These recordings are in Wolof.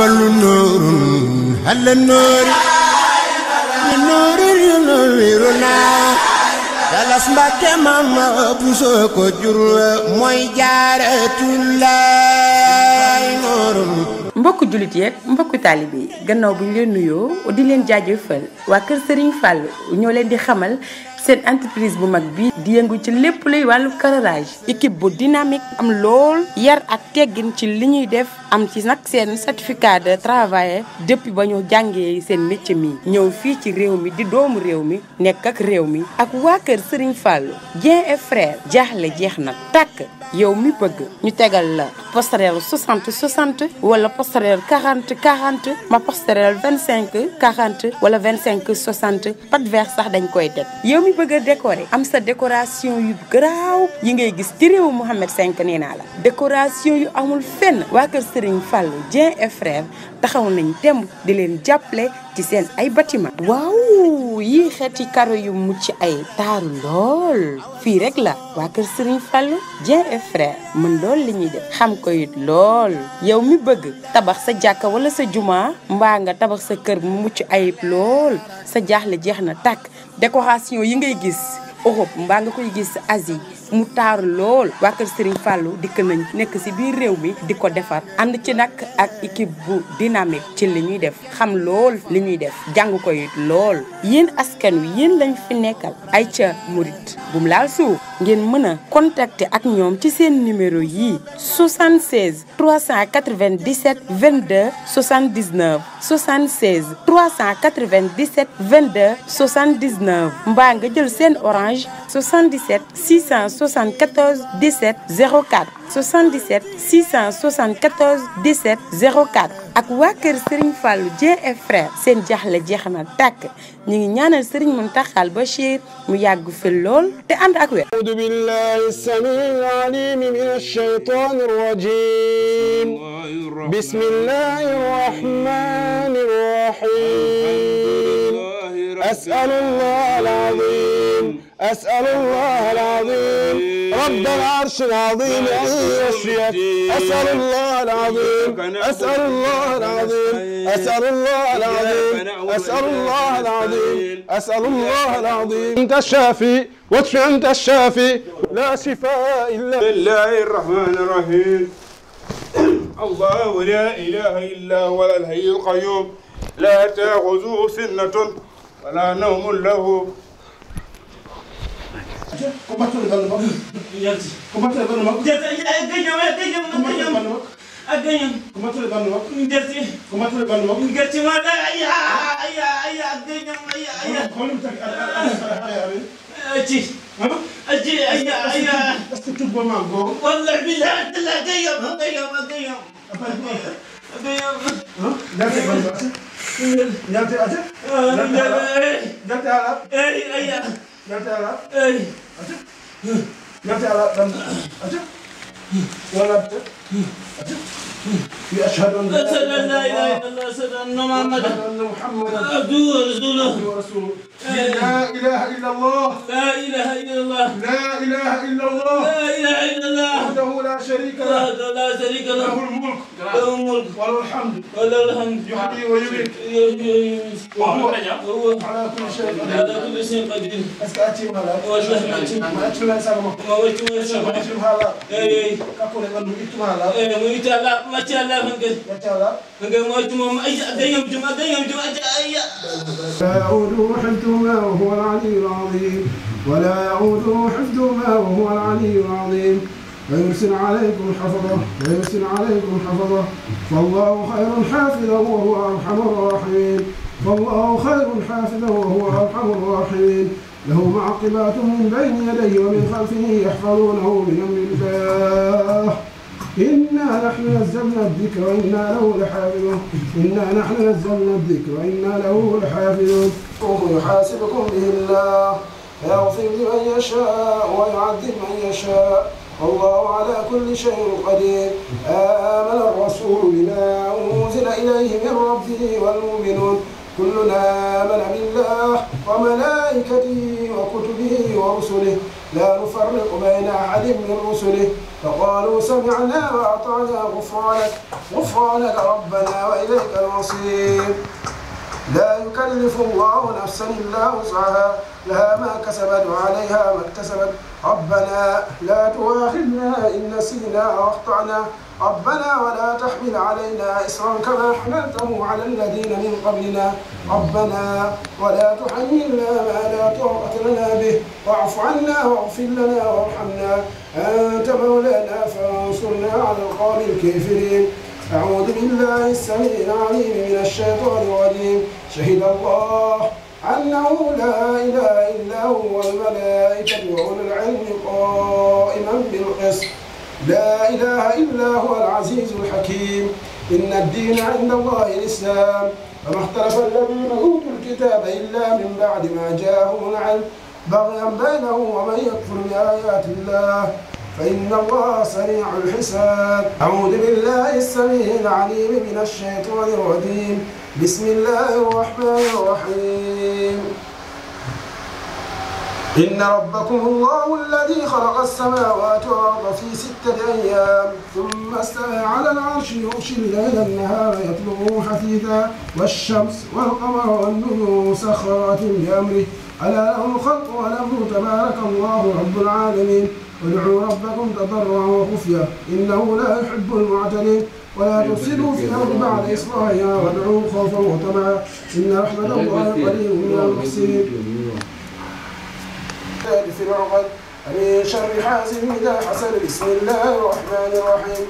فل نور هل النور نور ينورنا Galas Mbàkke mama buso ko jur mooy Jaaratullaay noorum mbokku jullit yeeg mbokku taalibe gannaaw bu ñu leen nuyoo di leen jaajëfal waa kër Serigne Fall ñoo leen di xamal seen entreprise bu mag bii di yëngu ci lépp luy wàllu carrelage équipe bu dynamique am lool yar ak teggin ci li ñuy def am ci nag seen certificat de travail depuis ba ñu jàngee seen métier mi ñëw fii ci réew mi di doomu réew mi nekk ak réew mi ak waa kër Serigne Fallou Dieng et frère jaaxle jeex na takk yow mi bëgg ñu tegal la posterelu 60 60 wala posterelu 40 40 ma posterelu 25 40 wala 25 60 pat vert sax dañ koy teg yow mi booy bëgg a décorer am sa décoration yu garaaw yi ngay gis ci réewu Mohamed cinq nee naa la décoration yu amul fenn waa kër Serigne Fallou Dieng et frère taxaw nañ temb di leen jàppale ci seen ay bâtiment waaw yii xeeti karo yu mucc ay taaru lool fii rek la waa kër Serigne Fallou Dieng et frère mën lool li ñuy def xam ko it lool yow mi bëgg tabax sa jàkk wala sa jumaa mbaa nga tabax sa kër mu mucc ayib lool sa jaaxle jeex na tàkk décoration yi ngay gis Europe mbaa nga koy gis Asie mu taaru lool waa kër Serigne Fallou dikk nañ nekk si biir réew mi di ko defar ànd ci nag ak équipe bu dynamique ci li ñuy def xam lool li ñuy def jàng ko it lool. yéen askan wi yéen lañ fi nekkal ay ca murit laal ngeen contacter ak ñoom ci seen numéro yi 76 397 22 79 76 397 22 79 mbaa nga jël seen orange 77 600. 674 17 04 77 674 17 04 ak wa kër Serigne Fallou Dieng et frère sen jaaxle jeexna tak ñi ngi ñaanal Serigne Mountakha Bachir mu yàgg fi lool te ànd ak wé أعوذ بالله السميع العليم من الشيطان الرجيم بسم الله الرحمن الرحيم أسأل الله العظيم أسأل الله العظيم إيه. رب العرش العظيم أن يشفيك أسأل الله العظيم أسأل الله العظيم أسأل الله العظيم أسأل الله العظيم أسأل الله العظيم أنت الشافي واشف أنت الشافي لا شفاء إلا بالله الرحمن الرحيم الله لا إله إلا هو الحي القيوم لا تأخذه سنة ولا نوم له ko battore galle makko yalti ko battore galle makko derti a gañam a gañam a gañam a gañam ko battore galle makko derti ko battore galle makko gerti maɗa aya aya aya a gañam aya aya holum taki aci aci aya aya est ce que tubba ma goo wallah billah adalla a gañam a gañam a gañam a gañam derti galle Jangan terasa. Jangan terasa. Eh, ayah. Jangan terasa. Eh. Acı. Yat ya lan. Acı. Yat ya. أشهد أن لا إله إلا الله أشهد أن محمدا عبده ورسوله لا إله إلا الله لا إله إلا الله لا إله إلا الله لا إله إلا الله وحده لا شريك له وحده لا شريك له له الملك له الملك وله الحمد وله الحمد يحيي ويميت وهو على كل شيء قدير على كل شيء قدير أستأتي ولا وأشهد أن لا إله إلا الله وأشهد أن لا إله إلا الله ولا ايه ويتولى ما وهو العلي العظيم ولا يعوده حفظهما وهو العلي العظيم ويرسل عليكم حفظه ويرسل عليكم حفظه فالله خير حافظ وهو ارحم الراحمين فالله خير حافظ وهو ارحم الراحمين له معقبات من بين يديه ومن خلفه يحفظونه من امر الله إنا نحن نزلنا الذكر وإنا له لحافظون إنا نحن نزلنا الذكر وإنا له لحافظون قوم يحاسبكم به الله يغفر لمن يشاء ويعذب من يشاء والله على كل شيء قدير آمن الرسول بما أنزل إليه من ربه والمؤمنون كلنا آمن بالله وملائكته وكتبه ورسله لا نفرق بين أحد من رسله فقالوا سمعنا وأطعنا غفرانك غفرانك ربنا وإليك المصير لا يكلف الله نفسا إلا وسعها لها ما كسبت وعليها ما اكتسبت ربنا لا تؤاخذنا إن نسينا وأخطأنا ربنا ولا تحمل علينا إسرا كما حملته على الذين من قبلنا ربنا ولا تحملنا ما لا طاقة لنا به واعف عنا واغفر لنا وارحمنا أنت مولانا فانصرنا على القوم الكافرين أعوذ بالله السميع العليم من الشيطان الرجيم شهد الله أنه لا إله إلا هو الملائكة وأولو العلم قائما بالقسط لا إله إلا هو العزيز الحكيم إن الدين عند الله الإسلام فما اختلف الذين أوتوا الكتاب إلا من بعد ما جاءهم العلم بغيا بينهم ومن يكفر بآيات الله فإن الله سريع الحساب أعوذ بالله السميع العليم من الشيطان الرجيم بسم الله الرحمن الرحيم إن ربكم الله الذي خلق السماوات والأرض في ستة أيام ثم استوى على العرش يغشي الليل النهار يطلبه حثيثا والشمس والقمر والنجوم مسخرات بأمره ألا له الخلق وله تبارك الله رب العالمين ادعوا ربكم تضرعا وخفيا إنه لا يحب المعتدين ولا تفسدوا في الأرض بعد إصلاحها وادعوا خوفا وطمعا إن رحمة الله قريب من المحسنين. ثالث العقد من شر حاسد إذا حسد بسم الله الرحمن الرحيم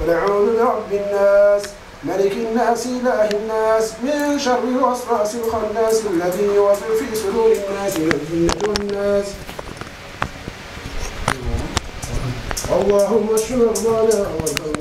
قل أعوذ برب الناس ملك الناس إله الناس من شر الوسواس الخناس الذي يوسوس في صدور الناس من الجنة اللهم اشف مرضانا وارض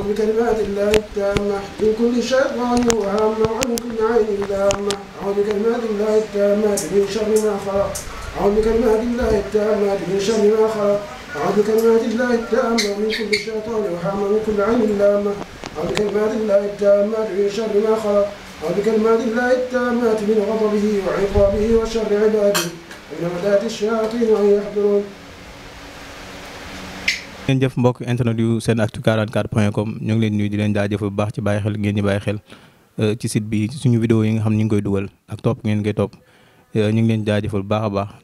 أعوذ بكلمات الله التامة من كل شيطان وهامة وعن كل عين لامة أعوذ بكلمات الله التامة من شر ما خلق أعوذ بكلمات الله التامة من شر ما خلق أعوذ بكلمات الله التامة من كل شيطان وهامة وعن كل عين لامة أعوذ بكلمات الله التامة من شر ما خلق أعوذ بكلمات الله التامة من غضبه وعقابه وشر عباده من عدات الشياطين أن يحضرون ngeen jëf internet yu seen actu 44 point com ñu ngi leen nuyu di baax ci bàyyi xel ngeen ñi bàyyi xel euh, ci site bi suñu vidéo yi nga xam ñu ngi koy dugal ak topp ngeen koy euh, ñu ngi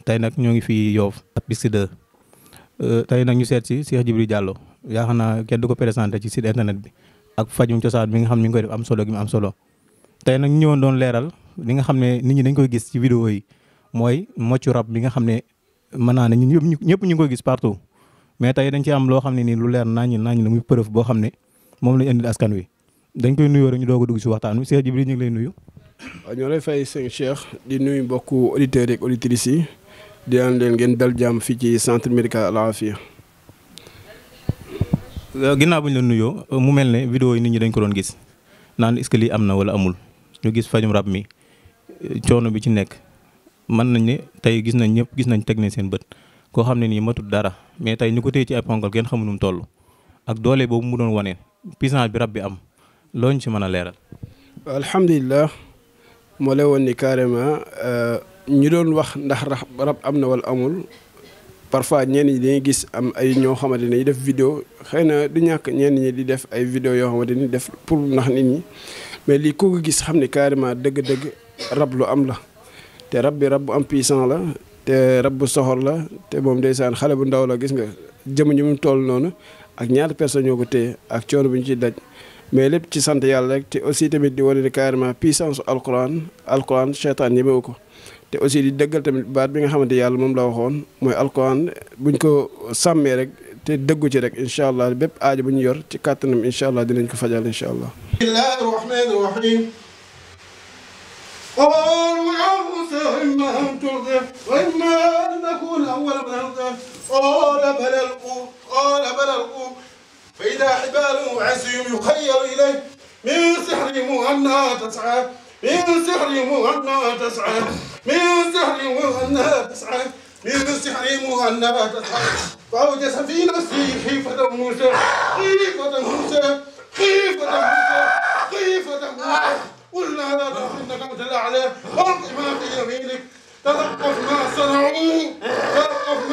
tey nag ñoo ngi fii Yoff piste 2 euh, tey ñu seet si Cheikh Djibril Diallo yaa xam naa kenn du ko présenté ci site internet bi ak fajum cosaan bi nga xam ñu ngi koy def am solo gi am solo tey nag ñëwoon doon leeral li nga xam ne nit ñi dañ koy gis ci vidéo yi mooy moccu rab bi nga xam ne mën naa ne ñun ñëpp ñu ngi koy gis partout mais tey dañ ci am loo xam ne nii lu leer naññ naññ la muy preuve boo xam ne moom lañ indil askan wi dañ koy nuyoo rek ñu doog ko dugg si waxtaan wi Cheikh Djibril ñu ngi lay nuyu. waaw ñoo lay fay sëñ Cheikh di nuyu mbokku auditeurs yeeg auditrices yi di leen ngeen dal jàmm fii ci centre médical Al Afia. Euh, ginnaaw bu ñu la nuyoo euh, mu mel ne vidéo yi nit ñi dañ ko doon gis naan est lii am na wala amul ñu gis fajum rab mi euh, coono bi ci nekk mën nañ ne tey gis nañ ñëpp gis nañ teg nañ seen bët. koo xam ne darah. matut dara mais tey ñu ko téye ci ay ponkal xamu nu mu ak doole boobu mu doon wane puissance bi rab am loo ñu ci mën a leeral. alhamdulilah moo lay woon ni euh, ñu doon wax ndax rab am na amul parfois ñenn ñi dañuy gis am ay ñoo xamante ne def vidéo xëy na du ñàkk video ñi di def ay vidéo yoo xamante def pour ndax nit ñi mais ko gis xam carrément dëgg rab lu am la te rab bi rab am puissant la. te rab bu soxor la te moom ndeysaan xale bu ndaw la gis nga jëm ñu mu tool noonu ak ñaata personne ñoo ko téye ak coono bu ñu ciy daj mais lépp ci sant yàlla rek te aussi tamit di wane ni carrément puissance alquran alquran cheytaan ñemewu ko te aussi di dëggal tamit baat bi nga xamante yàlla moom la waxoon mooy alquran buñ ko sàmmee rek te dëggu ci rek incha allah bépp aajo bu ñu yor ci kàttanam incha allah dinañ ko fajal incha allah. نرضيه وإما أن نكون أول من نرضيه قال بل ألقوا قال بل ألقوا فإذا حبالهم وعصيهم يخيل إليه من سحرهم أنها تسعى من سحرهم أنها تسعى من سحرهم أنها تسعى من سحرهم أنها تسعى فأوجس في نفسه خيفة موسى خيفة موسى خيفة موسى خيفة موسى قلنا لا تخفنك مثل الأعلى والقي ما في يمينك That's a fucking son of a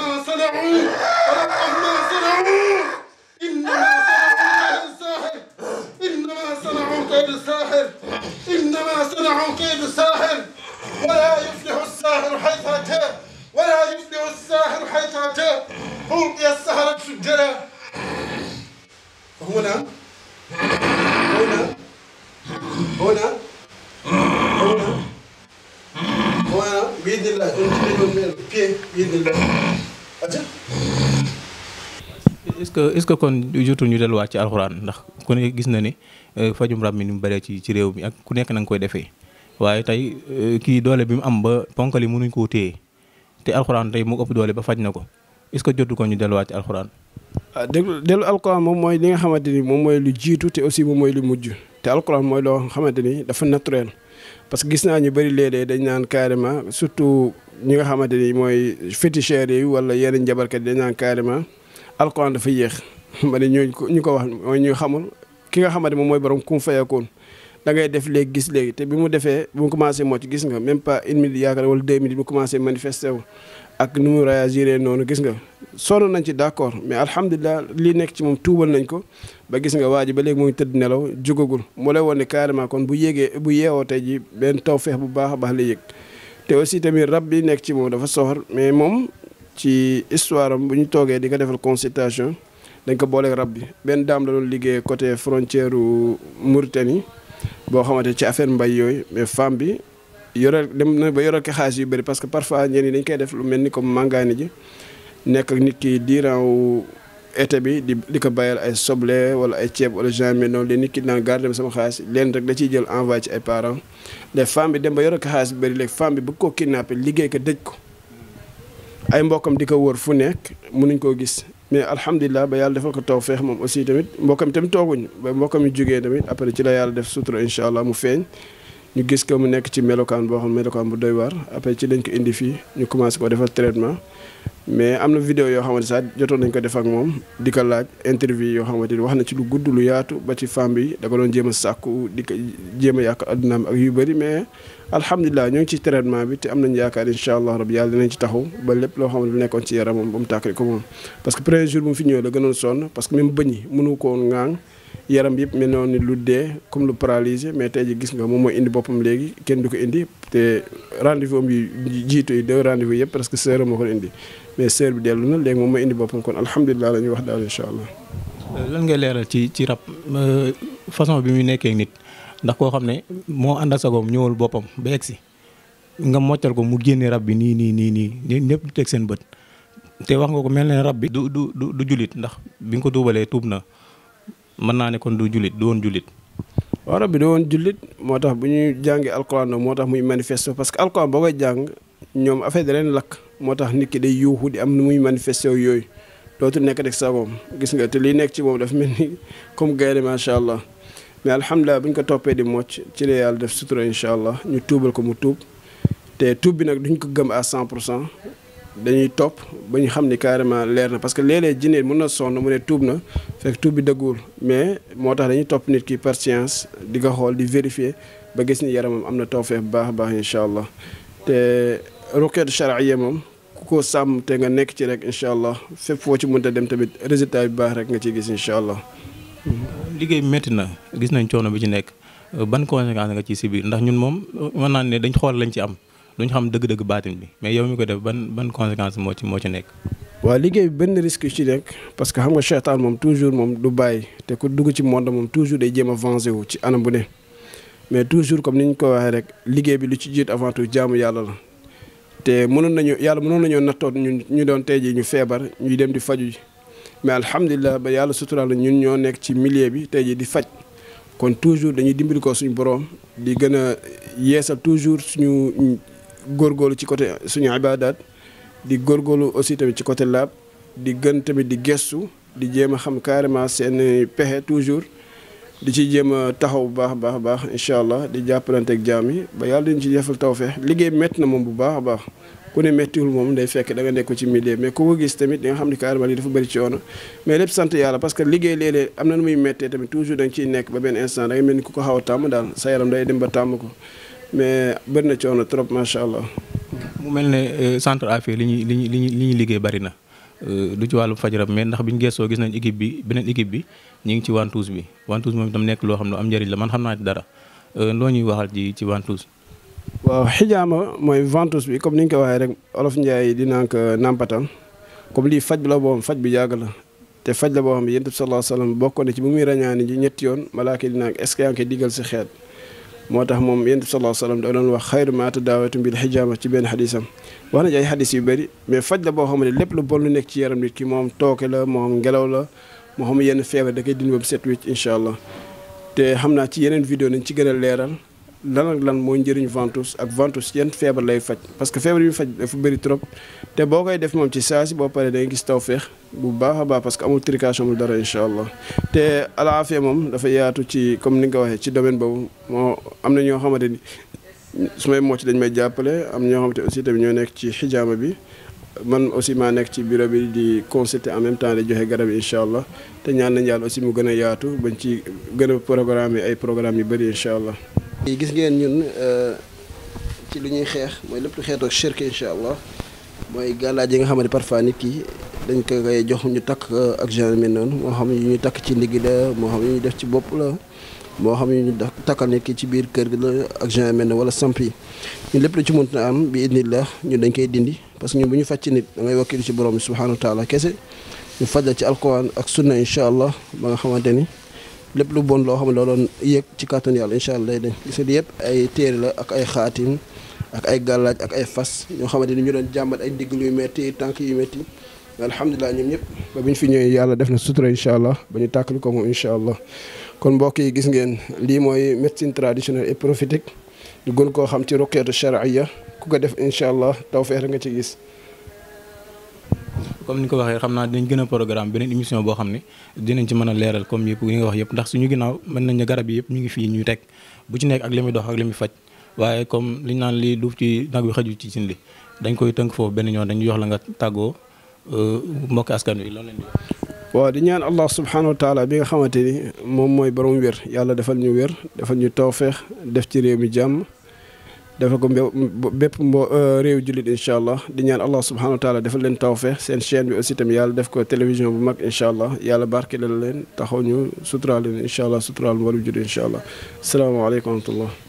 est ce que kon jotul ñu delluwaat ci alxuraan ndax ku ne gis na ni euh, fajum rab mi ni mu bëree ci ci réew mi ak ku nekk na nga koy defee waaye tey euh, kii doole bi mu am ba ponkali mënuñ koo téye te alxuraan tey mu ëpp doole ba faj na ko est ce que jotul ko ñu delluwaat ci alxuraan. ah déglu dellu alxuraan moom mooy li nga xamante ni moom mooy lu jiitu te aussi moom mooy lu mujj te alxuraan mooy loo xamante ni dafa naturel. parce que gis naa ñu bëri léeg-léeg dañ naan carrément surtout ñi nga xamante ni mooy féticheurs yi wala yeneen njabarkat yi dañ carrément alquran dafa yéex ma ne ñooñu ko ñu ko wax mooy ñu xamul ki nga xamante moom gis nga même pas une minute yaakaar wala mu réagiré noonu gis nga sonn nañ ci d' accord mais alhamdulilah lii nekk ci moom tuubal nañ ko ba gis nga waa ji ba léegi mu ngi tëdd nelaw jugagul mu lay woon ne carrément kon bu yéegee bu yeewoo te ji benn taw feex bu baax a baax la yëg te aussi tamit rab nekk ci moom dafa soxor mais moom ci histoire bu ñu toogee di ko defal consultation dañ ko booleeg rab bi benn daam la doon liggéey côté frontière u Mauritanie boo xamante ci affaire mbay yooyu mais femme bi yoreel dem na ba yoreel ko xaalis yu bëri parce que parfois ñenn yi dañ koy def lu mel ni comme màngaani ji nekk ak nit ki diiran wu été bi di di ko bàyyal ay soble wala ay ceeb wala genre noonu leen nit ki naan garder dem sama xaalis leen da ciy jël envoyé ci ay parents les femmes bi dem ba yoreel ko xaalis yu bëri léegi femme bi koo kidnappé liggéey ko dëj ko. ay mbokkam di ko wër fu nekk mu nuñ koo gis mais alhamdulilah ba yàlla defal ko taw feex moom aussi tamit mbokkam tamit tooguñ ba mbokkam yi jógee tamit après ci la yàlla def sutura incha allah mu feeñ ñu gis ko mu nekk ci melokaan boo xam melokaan bu doy waar après ci lañ ko indi fii ñu commencé ko defal traitement mais am na vidéo yoo xamante sax jotoon nañ ko def ak moom di ko laaj interview yoo xamante ni wax na ci lu gudd lu yaatu ba ci femme bi da ko doon jéem a sàkku di ko a addunaam ak yu bëri mais alhamdulilah ñoo ngi ci traitement bi te am nañ yaakaar incha allah rabi yàlla dinañ ci taxaw ba lépp loo xamante lu nekkoon ci yaramam ba mu tàkkali ko moom parce que premier jour bu mu fi ñëwee la gënoon sonn parce que même bëñi mënu ko woon yaram yëpp mel noonu lu dee comme lu paralysé mais tey ji gis nga moom moo indi boppam léegi kenn du ko indi te rendez-vous am yi jiitu yi deux rendez-vous yëpp parce que sœur moo ko indi mais sœur bi dellu na léegi moom mooy indi boppam kon alhamdulilah la ñuy wax daal incha allah. lan ngay leeral ci ci rab euh, façon bi muy nekkee nit ndax koo xam ne moo ànd ak sagoom ñëwal boppam ba egg si nga moccal ko mu génne rab bi nii nii nii nii ñëpp di teg seen bët te wax nga ko mel ne rab bi du du du jullit ndax bi nga ko duubalee tuub na. mën naa ne kon du jullit du woon jullit waaw rabbi du woon jullit moo tax bu ñuy jàngi alquran moo tax muy manifesto parce que alquran boo koy jàng ñoom affaire da leen lakk moo tax nit ki day yuuxu di am nu muy manifesté yooyu dootu nekk rek sagoom gis nga te lii nekk ci moom daf mel ni comme gaynde macha allah mais alhamdulilah bu ñu ko toppee di mocc ci la yàlla def sutura incha allah ñu tuubal ko mu tuub te tuub bi nag duñ ko gëm à 100 pour cent dañuy topp ba ñu xam ni carrément leer na parce que léeg-léeg jinne mën na sonn mu ne tuub na fekk tuub bi dëggul mais moo tax dañuy topp nit ki par science di ko xool di vérifier ba gis ni yaramam am na tawfeex bu baax baax incha allah te roquette charia moom ku ko sàmm te nga nekk ci rek incha allah fépp foo ci mënta dem tamit résultat bi baax rek nga ciy gis incha allah. liggéey bi métti na gis nañ coono bi ci nekk ban conséquence nga ci si biir ndax ñun moom mën naa ne dañ xool lañ ci am. duñ xam dëgg-dëgg baatin bi mais yow mi ko def ban ban conséquence moo ci moo ci nekk. waaw liggéey bi benn risque ci nekk parce que xam nga seytaan moom toujours moom du bàyyi te ku dugg ci monde moom toujours day jéem a venger wu ci anam bu ne mais toujours comme ni ñu ko waxee rek liggéey bi lu ci jiit avant tout jaamu yàlla la. te mënoon nañu yàlla mënoon nañoo nattoon ñun ñu doon tey jii ñu feebar ñuy dem di faju ji mais alhamdulilah ba yàlla suturaal la ñun ñoo nekk ci milieu bi tey jii di faj kon toujours dañuy dimbali suñu borom di gën a yeesal toujours suñu góor góorgóorlu ci côté suñu ibaadaat di góor góorgóorlu aussi tamit ci côté laab di gën tamit di gestu di jéem a xam carrément seen pexe toujours di ci jéem a taxaw bu baax a baax baax incha allah di jàppalanteeg jaam yi ba yàlla dañu ci defal tawfeex liggéey métti na moom bu baax a baax ku ne méttiwul moom day fekk da nga nekk ci milieu mais ku ko gis tamit di nga xam ne carrément lii dafa bëri ci yoon mais lépp sant yàlla parce que liggéey léeg am na nu muy méttee tamit toujours da nga ciy nekk ba benn instant da ni ku ko xaw a tàmm daal sa yaram day dem ba tàmm ko mais bëri na coono trop macha allah. mu mel ne euh, centre Afia li ñuy li ñuy li ñuy liggéey bari na euh, du ci wàllu faj rab mais ndax ñu gëstoo gis nañ équipe bi beneen équipe bi ñu ngi ci Wantus bi Wantus moom itam nekk loo xam ne am njëriñ la man xam naa ci dara euh, loo ñuy waxal ci ci Wantus. waaw xijaama mooy Wantus bi comme ni nga ko waxee rek olof Ndiaye dinaa ko nampatal comme lii faj la boobu faj bi yàgg la. te faj la boo xam ne yonent bi sallallahu alayhi ci bu muy rañaani ji ñetti yoon malaaka yi dinaa est-ce que yaa xeet. moo tax moom yonent bi sallallahu alayhi wa sallam da doon wax xayru maa tadaawatu bil xijaama ci benn xadisam wax nañ ay xadis yu bëri mais faj la boo xam ne lépp lu bon lu nekk ci yaram nit ki moom tooke la moom ngelaw la moo xam yenn feebar da koy dindi ba mu set wecc incha allah te xam naa ci yeneen vidéo nañ ci gën a leeral lan ak lan moo njëriñ ventouse ak ventouse yan feebar lay faj parce que feebar yi faj dafa bëri trop te boo koy def moom ci saa si boo paree da ngay gis taw feex bu baax baax parce que amul trication amul dara incha allah te alaafee moom dafa yaatu ci comme ni nga ko waxee ci domaine boobu moo am na ñoo xamante ni su mocc dañ may jàppale am ñoo xamante aussi tamit ñoo nekk ci xijaama bi man aussi maa nekk ci bureau bi di consulter en même temps di joxe garab yi incha allah te ñaan yàlla aussi mu gën a yaatu bañ ci gën a programme ay programme yu bëri incha allah gis ngeen ñun euh, ci lu ñuy xeex mooy lépp lu xeetoo shirk incha allah mooy gàllaaj yi nga xamante parfois nit ki dañ ko koy jox ñu takk ak genre mel moo xam yu ñu takk ci ndigg la moo xam yu ñu def ci bopp la moo xam yu ñu takkal nit ki ci biir kër gi la ak genre mel noonu wala samp yi ñun lépp lu ci mënut na am bi idnillah ñu dañ koy dindi parce que ñun bu ñu fàcc nit da ngay wakkilu ci borom bi subhanahu taala kese ñu faj la ci alquran ak sunna incha allah ba nga xamante ni lépp lu bon loo xam ne loo looloon yëg ci kàttan yàlla incha allah day dañ gis di yëpp ay téere la ak ay xaatim ak ay gàllaaj ak ay fas ñoo xamante ni ñu doon jàmbat ay ndigg luy metti tànk yu metti alhamdulilah ñoom ñëpp ba bi ñu fi ñëwee yàlla def na sutura incha allah ba ñu tàkk tàkkali ko moom incha allah kon mbokk yi gis ngeen lii mooy médecine traditionnelle et prophétique ñu gën koo xam ci ruqyatu charia ku ko def incha allah tawfeex nga ci gis comme ni ko waxee xam naa dinañ gën a programme beneen émission boo xam ne dinañ ci mën a leeral comme yëpp li nga wax yëpp ndax suñu ginnaaw mën nañ ne garab yi yëpp ñu ngi fii ñuy teg bu ci nekk ak li muy dox ak li faj waaye comme liñ naan lii duuf ci nag bi xaju ci cin li dañ koy tënk foofu benn ñoon dañu jox la nga tàggoo euh, mbokk askan wi loolu leen di waaw di ñaan allah subhanahu wa taala bi nga xamante ni moom mooy borom wér yàlla defal ñu wér defal ñu tawfeex def ci réew mi jàmm dafa ko bépp mbo réew jullit incha allah di ñaan allah subhanahu wa taala defal leen tawfeex seen chaîne bi aussi tamit yàlla def ko télévision bu mag incha allah yàlla barke la leen taxaw ñu suturaal leen incha allah suturaal mboolu jullit incha allah salaamaaleykum wa rahmatullah